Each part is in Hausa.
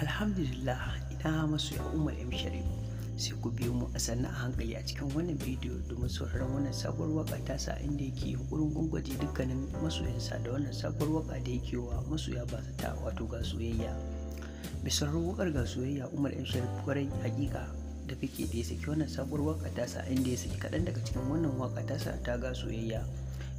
alhamdulillah ina masu ya umar m sharif sai ku biyo mu a sannan a hankali a cikin wannan bidiyo domin sauraron wannan sabuwar waka ta sa inda yake Wurin gwangwaje dukkanin masoyansa da wannan sabuwar waka da yake wa masoya ba ta wato ga soyayya bisarar wakar ga soyayya umar m sharif kwarai hakika da fike da ya saki wannan sabuwar waka ta sa inda ya saki kaɗan daga cikin wannan waka ta sa ta ga soyayya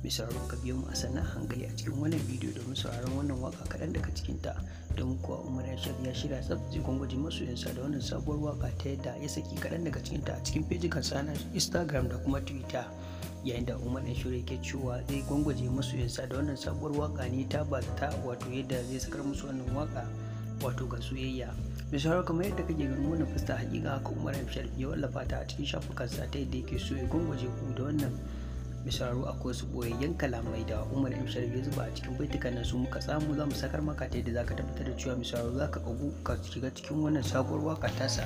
mai ka biyo mu a sannan hankali a cikin wannan bidiyo domin sauraron wannan waka kaɗan daga cikin ta don kuwa umar ya shirya tsaf zai gwangwaje masoyansa da wannan sabuwar waka ta yadda ya saki kaɗan daga cikin ta a cikin fejikan sa na instagram da kuma twitter yayin da umar shirya ke cewa zai gwangwaje masoyansa da wannan sabuwar waka ne ta ba ta wato yadda zai sakar musu wannan waka wato ga soyayya mai kamar yadda kake ganin wannan fusta hakika haka umar yashar ya wallafa ta a cikin shafukansa ta yadda yake so ya gwangwaje ku da wannan a akwai su boyayyen kalamai da umar m sharif ya zuba a cikin baitukan nan su muka samu za mu sakar maka ta yadda za ka tabbatar da cewa misararo za ka kagu ka shiga cikin wannan sabuwar waka tasa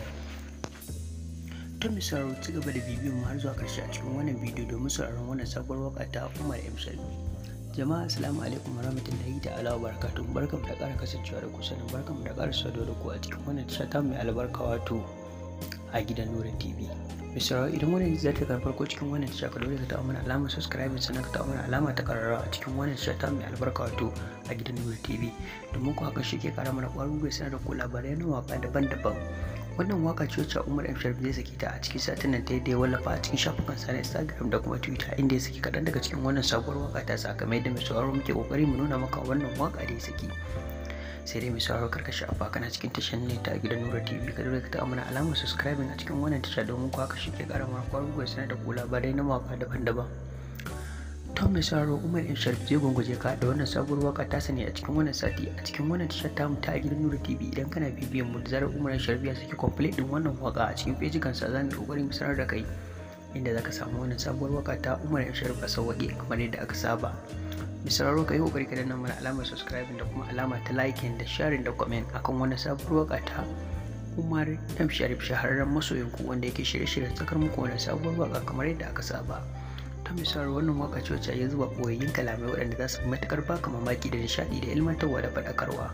ta misararo ci gaba da bibiyan mu har zuwa karshe a cikin wannan bidiyo domin sauraron wannan sabuwar waka ta umar m sharif jama'a assalamu alaikum warahmatullahi ta'ala barakatuh barkamu da ƙara kasancewa da ku sanin barkamu da ƙara saduwa da ku a cikin wannan tasha ta mai albarka wato a gidan Nura TV misra idan wani za ta karɓar ko cikin wannan tasha ka dole ka taɓa mana alamar subscribe sannan ka mana alama ta ƙararrawa a cikin wannan tasha ta mai albarka wato a gidan nuna tv domin ku haka shi ke ƙara mana ƙwarin gwiwa sanar da ku labarai na waka daban-daban wannan waka ce wacce umar m sharif zai saki ta a cikin satin nan ta yadda ya wallafa a cikin shafukan sa na instagram da kuma twitter inda ya saki kaɗan daga cikin wannan sabuwar waka ta sakamai da mai sauraro muke kokari mu nuna maka wannan waka da ya saki sai dai mai sauraro karkashi a kana cikin tashar ne ta gidan nura tv ka dole ka ta amana alamar subscribing a cikin wannan tasha domin ku haka shi ke kara mara kwaru gwai sanar da kula ba dai na mawaka daban-daban to mai sauraro umar in sharif zai gunguje ka da wannan sabuwar waka ta sani a cikin wannan sati a cikin wannan tashar tamu ta gidan nura tv idan kana bibiyan mu da zarar umar in sharif ya saki complete din wannan waka a cikin fejikan sa mu yi kokarin sanar da kai inda zaka samu wannan sabuwar waka ta umar in sharif a sauwaƙe kamar yadda aka saba misararo ka yi kokari ka danna mana alamar subscribing da kuma alama ta liking da sharing da comment akan wani sabuwar waka ta Umar M Sharif shahararren masoyin ku wanda yake shirye-shirye tsakar muku wani sabuwar waka kamar yadda aka saba ta misali wannan waka ce wacce ya zuba yin kalamai waɗanda za su matuƙar baka mamaki da nishaɗi da ilmantarwa da faɗakarwa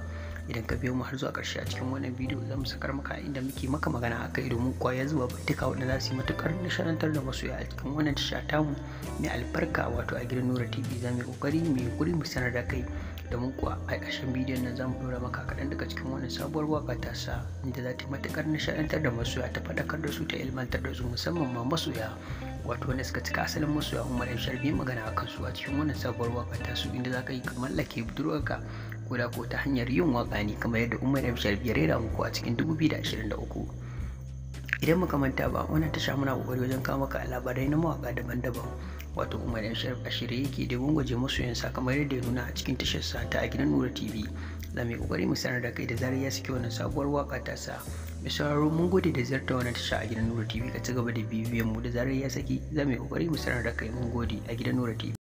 idan ka biyo mu har zuwa ƙarshe a cikin wannan bidiyo zamu mu sakar maka inda muke maka magana a kai domin kwaya zuwa bintika wanda za su yi matuƙar nishadantar da masoya a cikin wannan tasha tamu mai albarka wato a gidan nura tv za mu yi ƙoƙari mu yi guri mu sanar da kai domin kuwa a ƙarshen bidiyon nan za mu maka kaɗan daga cikin wannan sabuwar waƙa ta sa inda za ta yi matuƙar nishadantar da masoya ta faɗakar da su ta ilmantar da su musamman ma masoya wato wanda suka cika asalin masoya umar yan sharbi magana a kansu a cikin wannan sabuwar waƙa ta su inda za ka yi mallake budurwarka ko ko ta hanyar yin waka ne kamar yadda Umar biyar ya muku a cikin uku? idan muka manta ba wannan tasha muna kokari wajen kawo maka labarai na mawaka daban-daban wato umar da a shirye yake da gwangwaje masu yin kamar yadda ya nuna a cikin tashar sa ta a gidan nura tv za mu yi kokari mu sanar da kai da zarar ya saki wannan sabuwar waka ta sa mai sauraro mun gode da ziyarta wannan tasha a gidan nura tv ka ci gaba da bibiyan mu da zarar ya saki za mu yi kokari mu sanar da kai mun gode a gidan nura tv